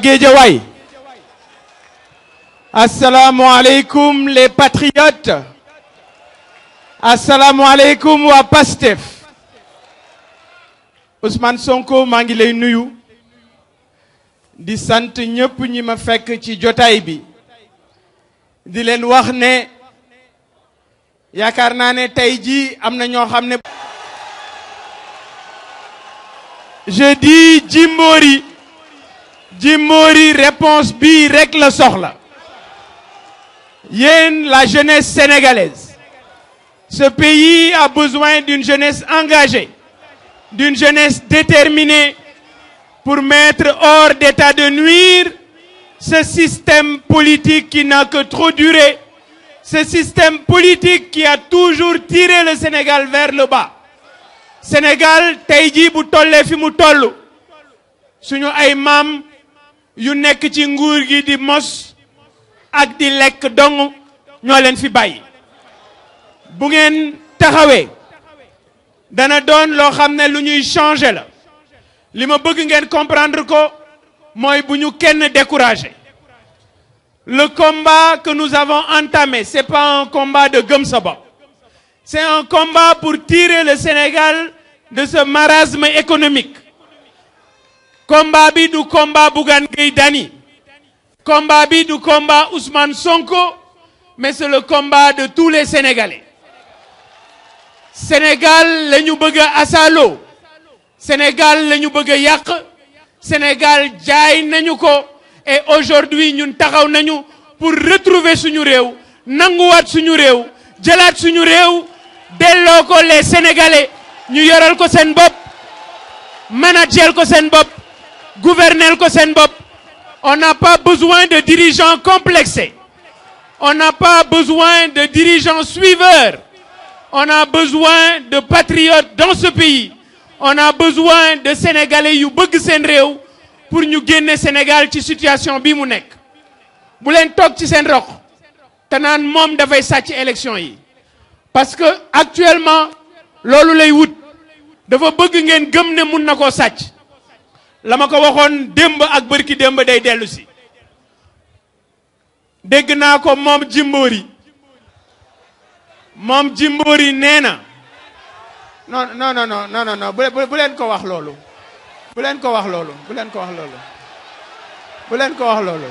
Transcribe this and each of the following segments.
Guédiawaye assalamu alaikum les patriotes assalamu alaykum wa Pastef Ousmane Sonko Mangile nuyu di sante ñepp ñima ma fekk ci jotay bi di len wax ne ne je dis Jimori, réponse bi rek la là. Yen la jeunesse sénégalaise ce pays a besoin d'une jeunesse engagée d'une jeunesse déterminée pour mettre hors d'état de nuire ce système politique qui n'a que trop duré ce système politique qui a toujours tiré le Sénégal vers le bas Sénégal Taïdi Boutolle, bu fi yu nekk ci nguur gi di mos ak di lekk dong ñoo fi bàyyi bu ngeen taxawee dana doon loo xam ne lu ñuy changer la li ma bëgg ngeen comprendre ko mooy bu ñu kenn découragé le combat que nous avons entamé c'est pas un combat de gëm sa c'est un combat pour tirer le Sénégal de ce marasme économique combat du combat Bougane Combabi combat du combat Ousmane Sonko mais c'est le combat de tous les Sénégalais Sénégal le nouveaux asalo Sénégal le nouveaux Yak. Sénégal j'ai nañu et aujourd'hui nous taxaw nañu pour retrouver suñu Nangouat nanguwaat suñu réew jëlaat les Sénégalais ñu yoral ko seen Gouverneur ko on n'a pas besoin de dirigeants complexés on n'a pas besoin de dirigeants suiveurs on a besoin de patriotes dans ce pays on a besoin de sénégalais qui bëgg s'en réew pour ñu Sénégal Sénégal ci situation bi mu nekk bu vous toog ci seen roq vous naan élection parce que actuellement loolu lay wut ne la ma ko waxoon démb ak bërki démb day dellusi si dégg naa ko moom Jimbori moom Jimbori nee na non non non non non non bu leen ko wax loolu bu leen ko wax loolu bu leen ko wax loolu bu ko wax loolu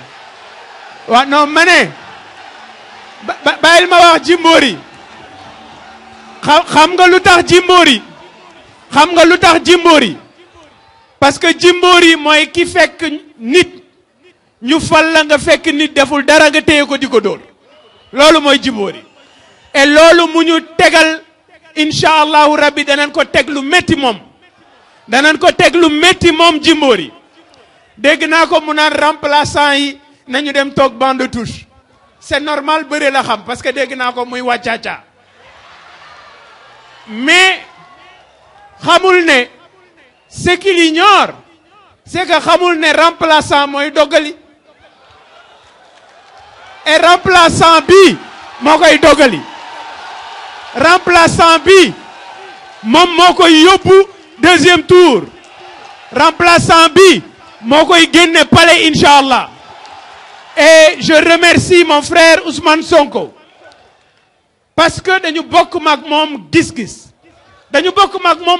waaw non ma ne bàyyil ma wax Jimbori xam nga lu tax Jimbori xam nga lu tax Jimbori parce que jimboor yi mooy ki fekk nit ñu fal la nga fekk nit deful dara nga teye ko diko dool lolu moy mooy yi et lolu mu ñu tegal inshallah rabbi danañ ko teg lu metti mom danañ ko teg lu metti mom jimboor yi dégg ko mu remplaçant yi nañu dem tok bande de touche c'est normal beure la xam parce que dégg na ko muy cha mais xamul ne ce qu'il ignore c'est que Khamoul ne remplaçant mooy dogali et remplaçant bi Mokoy dogali remplaçant bi mon deuxième tour remplaçant bi Mokoy koy palais Inch'Allah. et je remercie mon frère Ousmane Sonko parce que nous avons beaucoup de gis-gis dañu bokk mag moom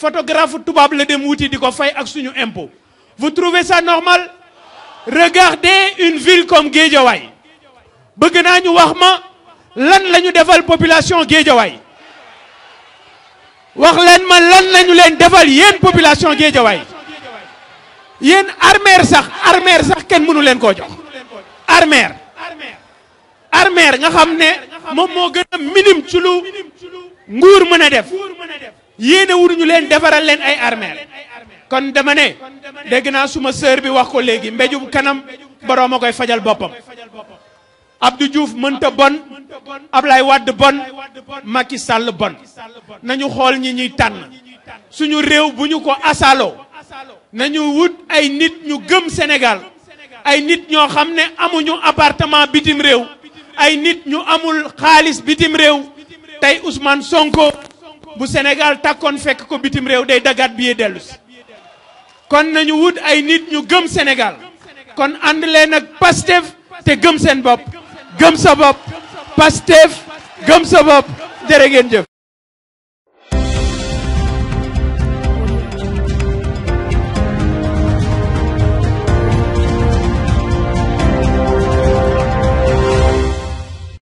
photographe tubaab le dem wuti di ko fay ak suñu impôt vous trouvez ça normal regardez une ville comme Guédiawaye bëgg naa ñu wax ma lan la population Guédiawaye wax leen ma lan la yen population Guédiawaye Yen armer sax armer sax ken munu len koo jox Armer, armeer nga xam ne moom minimum gën ci lu nguur def yéene wuñu leen defaral leen ay armeel kon dama ne dégg naa suma sœur bi wax ko léegi mbéjum kanam boroom a koy fajal boppam Abdou Diouf mënta bon Ablaye Wade bon Macky Sall bon nañu xool ñi ñuy tànn suñu réew bu ñu ko asaaloo nañu wut ay nit ñu gëm Sénégal ay nit ñoo xam ne amuñu appartement bitim réew ay nit ñu amul xaalis bitim réew tey Ousmane Sonko bu Sénégal takkoon fekk ko bitim réew day dagaat bi dellu si kon nañu wut ay nit ñu gëm Sénégal kon ànd leen ak Pastef te gëm seen bopp gëm sa bopp Pastef gëm sa bopp jërë ngeen jëf